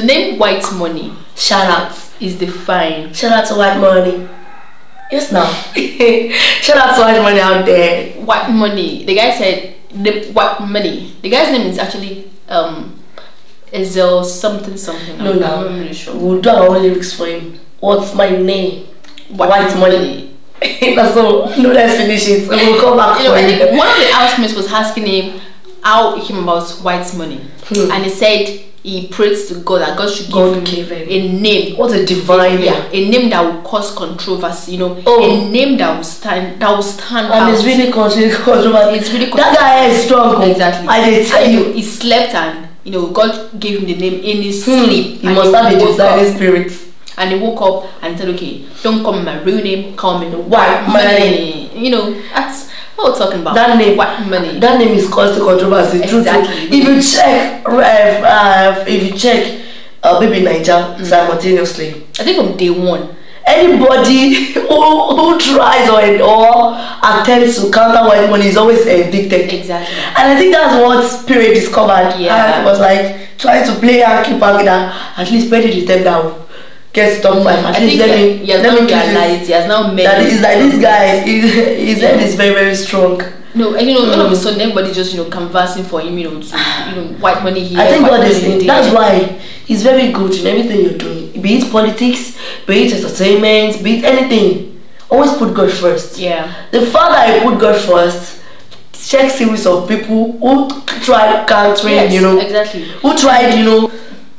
The name White Money. Shout out. Is defined. Shout out to White Money. Yes, now. Shout out to White Money out there. White Money. The guy said the White Money. The guy's name is actually um Ezel something something. No, I'm no. Really sure. We'll do our own lyrics for him. What's my name? White, White Money. money. that's all. No, let's finish it. We'll come back. You know, I think one of the housemates was asking him how he came about white money, hmm. and he said he prays to God that God should God give him a name. What a divine yeah, a name that will cause controversy, you know. Oh. A name that will stand that will stand and out. it's really causing controversy. It's really That guy is strong. Oh. Exactly. I did tell you. He slept and you know God gave him the name in his hmm. sleep. He must have a divine spirit. And he woke up and said, Okay, don't call me my real name, call me the white man. You know, that's What are we talking about? That name, what money? That name is causing controversy. Exactly. True, true. If you check, uh, if you check, uh, baby Niger mm. simultaneously. I think from day one. Anybody who, who tries or at all attempts to counter white money is always addicted. Exactly. And I think that's what Spirit discovered. Yeah. And was like trying to play and keep back that at least pay the down. gets top five. At least let me he has let now me realized he has now met that is this guy his head is very very strong. No, and you know, all of a mm. sudden everybody just you know conversing for him, you know, to you know white money here. I think God is that's why he's very good in everything you're doing. Be it politics, be it entertainment, be it anything. Always put God first. Yeah. The father I put God first check series of people who tried countering, yes, you know, exactly. who tried, you know,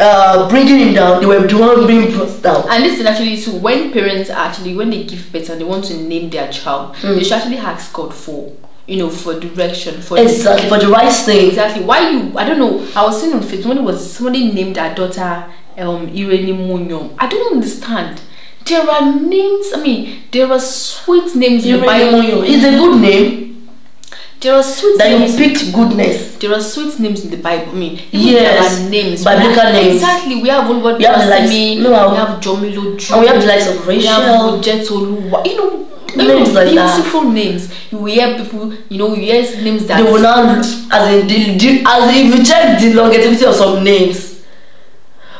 uh, bringing him down, they were the one being him down. And listen, actually, too, when parents actually, when they give birth and they want to name their child, mm. they should actually ask God for you know, for direction, for exactly for the right thing. Exactly. Why you? I don't know. I was seeing on Facebook when it was somebody named their daughter um Irene Munyom. I don't understand. There are names. I mean, there are sweet names Irene in is a good name. There are sweet that names. you picked goodness. There are sweet names in the Bible. I mean, yes, there are names. Biblical have, names. Exactly. We have Olúwa we have like, no, we have Jomilo. And we have the likes of Rachel. We have Ojetoluwa. You know, names like beautiful that. names. You hear people, you know, you hear names that they will not as in the, the as in, if you check the longevity of some names.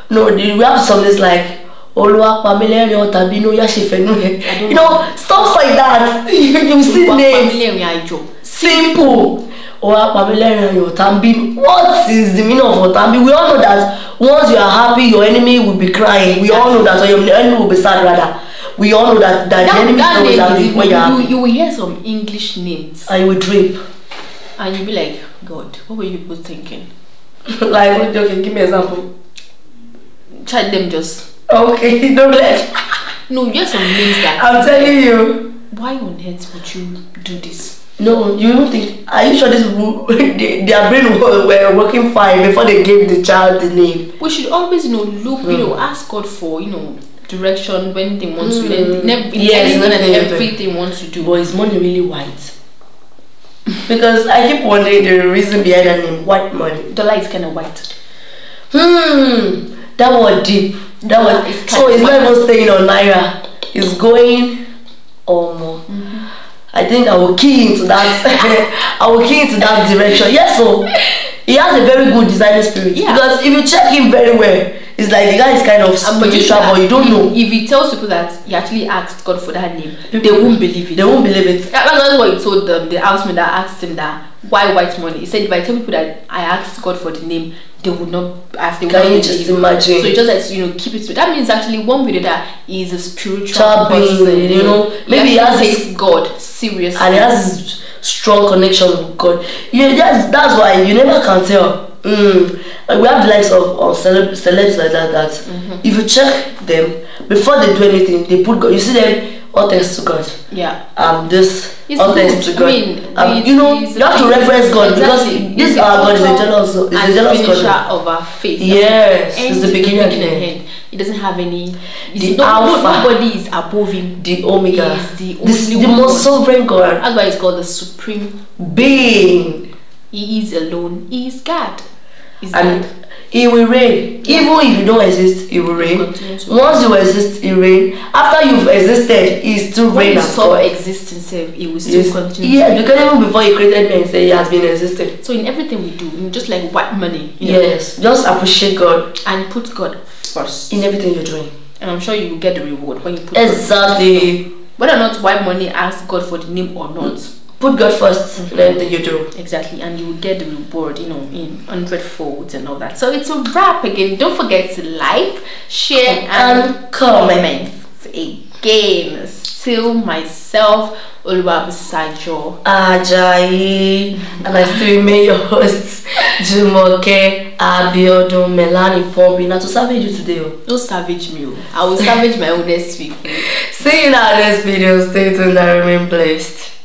No, the, we have some names like Olúwapamílẹ́rìn Ọ̀tàbínú Yashifenu. You know, stuff like that. you, you see names. Olúwapamílẹ́rìn Ayọ̀ simple ó wá pa mí lẹ́rìn ayọ̀ tàbí what is the meaning of ọ̀tàbí we all know that once you are happy your enemy will be crying we all know that so your enemy will be sad rather we all know that that, that the enemy that is always happy when you are happy. you will hear some english names. and you will drip. and you be like god what were you both thinking. like okay give me example. try them just. okay no, let. no you hear some names that. i'm telling you. why on earth would you do this. No, you don't think. Are you sure this they, their brain were working fine before they gave the child the name? We should always, you know, look, mm. you hmm. know, ask God for, you know, direction when they want mm. to. In, in, in yes, everything, everything wants to do. But is money really white? because I keep wondering the reason behind the name white money. The light is kind of white. Hmm, that was deep. That was is. so. It's not even staying on naira. It's going almost. Oh, mm. I think I will key into that. I will key into that direction. Yes, so oh. he has a very good designer spirit. Yeah. Because if you check him very well, it's like the guy is kind of spiritual, but you don't if, know. If he tells people that he actually asked God for that name, people, they won't believe it. They won't believe it. that's what he told them. They asked me that asked him that why white money. He said if I tell people that I asked God for the name, they would not ask. They Can you just imagine? So he just you know keep it. That means actually one video that is a spiritual person. you know, maybe he, he has his God Seriously. And it has this strong connection with God. You just that's why you never can tell. Mm. Like we have the likes of um, celeb, celebs like that. That mm-hmm. if you check them before they do anything, they put God. You see them all thanks to God. Yeah. Um, this it's all thanks to God. I mean, um, you know, you have to reference God because this our God is a jealous, is a jealous God. of our faith. Yes, it's the beginning and end. He doesn't have any. The no, alpha. Nobody is above him. The omega. He is the, the, the most sovereign God. That's why he's called the supreme being. He is alone. He is God. He's and God. He will reign. Yeah. Even if you don't exist, He will reign. Once you exist, He reign. After you've existed, He still reign. When you saw existence, He will still yes. continue. Yeah, because even before He created man, He has been existing. So in everything we do, just like white money. You know? Yes, just appreciate God and put God first in everything you're doing. And I'm sure you will get the reward when you put exactly. God Whether or not why money asks God for the name or not. Put God first, mm-hmm. then you do. Exactly, and you will get the reward, you know, in hundred folds and all that. So it's a wrap again. Don't forget to like, share, and, and comment. comment again. still myself, Oluwabisajo Ajayi, and I still remain your host, Jumoke Abiodun Melanie Pombi. Now to savage you today, oh. Don't savage me, oh. I will savage my own next week. See you in our next video. Stay tuned and remain blessed.